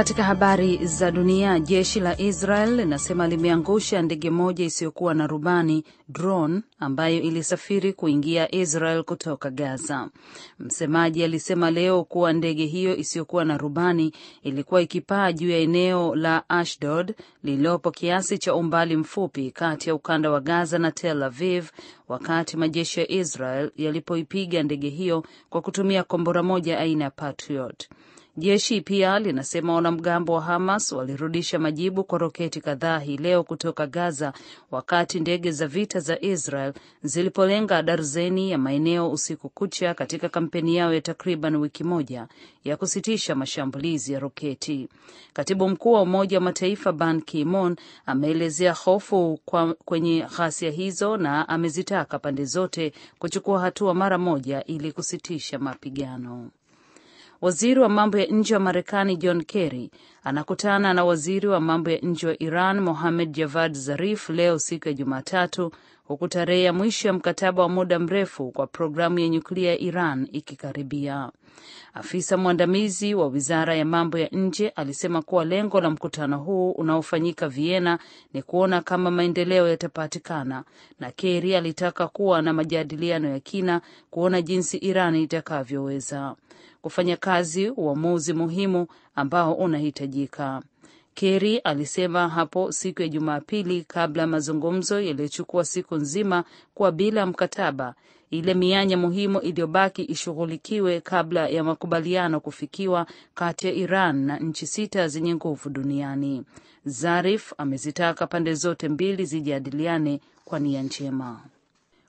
Katika habari za dunia, jeshi la Israel linasema limeangusha ndege moja isiyokuwa na rubani drone ambayo ilisafiri kuingia Israel kutoka Gaza. Msemaji alisema leo kuwa ndege hiyo isiyokuwa na rubani ilikuwa ikipaa juu ya eneo la Ashdod lililopo kiasi cha umbali mfupi kati ya ukanda wa Gaza na Tel Aviv, wakati majeshi ya Israel yalipoipiga ndege hiyo kwa kutumia kombora moja aina ya Patriot. Jeshi pia linasema wanamgambo wa Hamas walirudisha majibu kwa roketi kadhaa hii leo kutoka Gaza, wakati ndege za vita za Israel zilipolenga darzeni ya maeneo usiku kucha katika kampeni yao ya takriban wiki moja ya kusitisha mashambulizi ya roketi. Katibu mkuu wa Umoja wa Mataifa Ban Ki-moon ameelezea hofu kwa kwenye ghasia hizo na amezitaka pande zote kuchukua hatua mara moja ili kusitisha mapigano. Waziri wa mambo ya nje wa Marekani John Kerry anakutana na waziri wa mambo ya nje wa Iran Mohamed Javad Zarif leo siku ya Jumatatu, huku tarehe ya mwisho ya mkataba wa muda mrefu kwa programu ya nyuklia ya Iran ikikaribia. Afisa mwandamizi wa wizara ya mambo ya nje alisema kuwa lengo la mkutano huu unaofanyika Vienna ni kuona kama maendeleo yatapatikana, na Kerry alitaka kuwa na majadiliano ya kina kuona jinsi Iran itakavyoweza kufanya kazi uamuzi muhimu ambao unahitajika. Kerry alisema hapo siku ya Jumapili kabla ya mazungumzo yaliyochukua siku nzima kuwa bila mkataba, ile mianya muhimu iliyobaki ishughulikiwe kabla ya makubaliano kufikiwa kati ya Iran na nchi sita zenye nguvu duniani. Zarif amezitaka pande zote mbili zijadiliane kwa nia njema.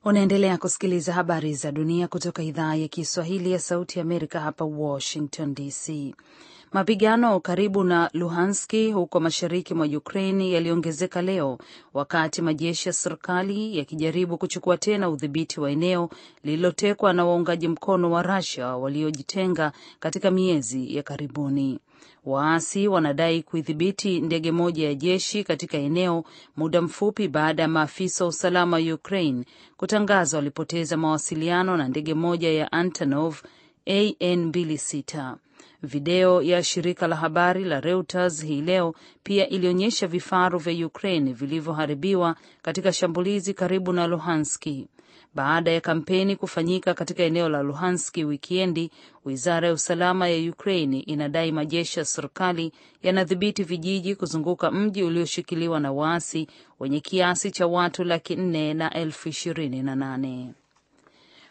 Unaendelea kusikiliza habari za dunia kutoka idhaa ya Kiswahili ya Sauti ya Amerika hapa Washington DC. Mapigano karibu na Luhanski huko mashariki mwa Ukraini yaliongezeka leo wakati majeshi ya serikali yakijaribu kuchukua tena udhibiti wa eneo lililotekwa na waungaji mkono wa rasia waliojitenga katika miezi ya karibuni. Waasi wanadai kuidhibiti ndege moja ya jeshi katika eneo muda mfupi baada ya maafisa wa usalama wa Ukraine kutangaza walipoteza mawasiliano na ndege moja ya Antonov AN 26. Video ya shirika la habari la Reuters hii leo pia ilionyesha vifaru vya Ukraine vilivyoharibiwa katika shambulizi karibu na Luhanski. Baada ya kampeni kufanyika katika eneo la Luhanski wikiendi, wizara ya usalama ya Ukraini inadai majeshi ya serikali yanadhibiti vijiji kuzunguka mji ulioshikiliwa na waasi wenye kiasi cha watu laki nne na elfu ishirini na nane.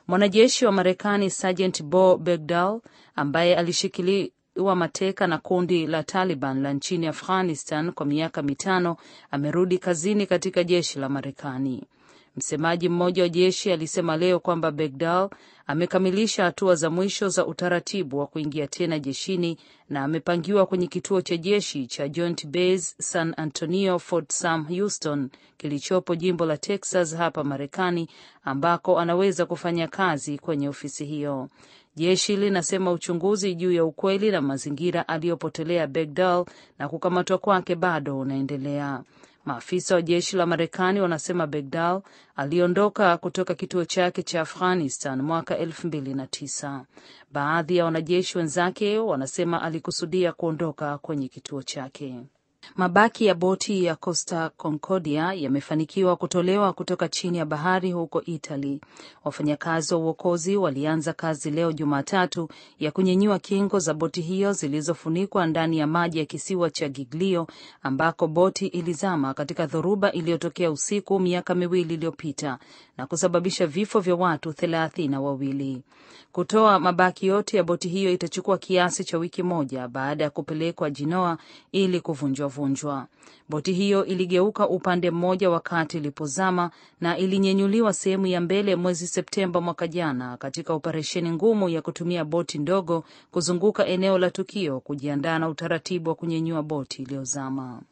Mwanajeshi wa Marekani Sergeant Bo Begdal ambaye alishikiliwa mateka na kundi la Taliban la nchini Afghanistan kwa miaka mitano amerudi kazini katika jeshi la Marekani. Msemaji mmoja wa jeshi alisema leo kwamba Begdal amekamilisha hatua za mwisho za utaratibu wa kuingia tena jeshini na amepangiwa kwenye kituo cha jeshi cha Joint Base San Antonio Fort Sam Houston kilichopo jimbo la Texas hapa Marekani, ambako anaweza kufanya kazi kwenye ofisi hiyo. Jeshi linasema uchunguzi juu ya ukweli na mazingira aliyopotelea Begdal na kukamatwa kwake bado unaendelea. Maafisa wa jeshi la Marekani wanasema Begdal aliondoka kutoka kituo chake cha Afghanistan mwaka elfu mbili na tisa. Baadhi ya wanajeshi wenzake wanasema alikusudia kuondoka kwenye kituo chake. Mabaki ya boti ya Costa Concordia yamefanikiwa kutolewa kutoka chini ya bahari huko Italy. Wafanyakazi wa uokozi walianza kazi leo Jumatatu ya kunyenyua kingo za boti hiyo zilizofunikwa ndani ya maji ya kisiwa cha Giglio ambako boti ilizama katika dhoruba iliyotokea usiku miaka miwili iliyopita na kusababisha vifo vya watu thelathini na wawili. Kutoa mabaki yote ya boti hiyo itachukua kiasi cha wiki moja baada ya kupelekwa Jinoa ili kuvunjwa ikavunjwa. Boti hiyo iligeuka upande mmoja wakati ilipozama na ilinyenyuliwa sehemu ya mbele mwezi Septemba mwaka jana katika operesheni ngumu ya kutumia boti ndogo kuzunguka eneo la tukio kujiandaa na utaratibu wa kunyenyua boti iliyozama.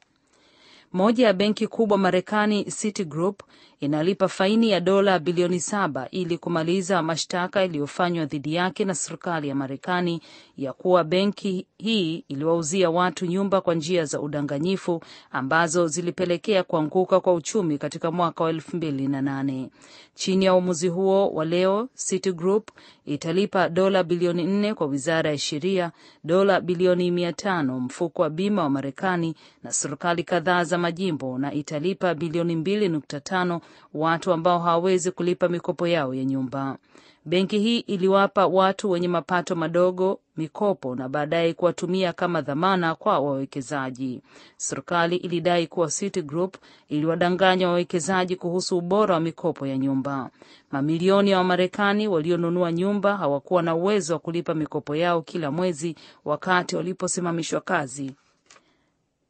Moja ya benki kubwa Marekani, Citigroup inalipa faini ya dola bilioni saba ili kumaliza mashtaka yaliyofanywa dhidi yake na serikali ya Marekani ya kuwa benki hii iliwauzia watu nyumba kwa njia za udanganyifu ambazo zilipelekea kuanguka kwa uchumi katika mwaka wa elfu mbili na nane. Chini ya uamuzi huo wa leo, Citigroup italipa dola bilioni nne kwa wizara ya sheria, dola bilioni mia tano mfuko wa bima wa Marekani na serikali kadhaa za majimbo, na italipa bilioni mbili nukta tano watu ambao hawawezi kulipa mikopo yao ya nyumba. Benki hii iliwapa watu wenye mapato madogo mikopo na baadaye kuwatumia kama dhamana kwa wawekezaji. Serikali ilidai kuwa Citigroup iliwadanganya wawekezaji kuhusu ubora wa mikopo ya nyumba. Mamilioni ya Wamarekani walionunua nyumba hawakuwa na uwezo wa kulipa mikopo yao kila mwezi wakati waliposimamishwa kazi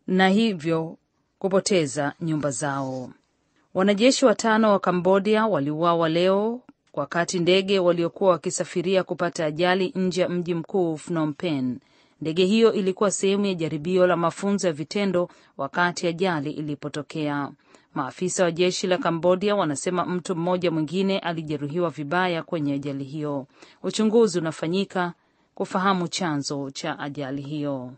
na hivyo kupoteza nyumba zao. Wanajeshi watano wa Kambodia waliuawa leo wakati ndege waliokuwa wakisafiria kupata ajali nje ya mji mkuu Phnom Penh. Ndege hiyo ilikuwa sehemu ya jaribio la mafunzo ya vitendo wakati ajali ilipotokea. Maafisa wa jeshi la Kambodia wanasema mtu mmoja mwingine alijeruhiwa vibaya kwenye ajali hiyo. Uchunguzi unafanyika kufahamu chanzo cha ajali hiyo.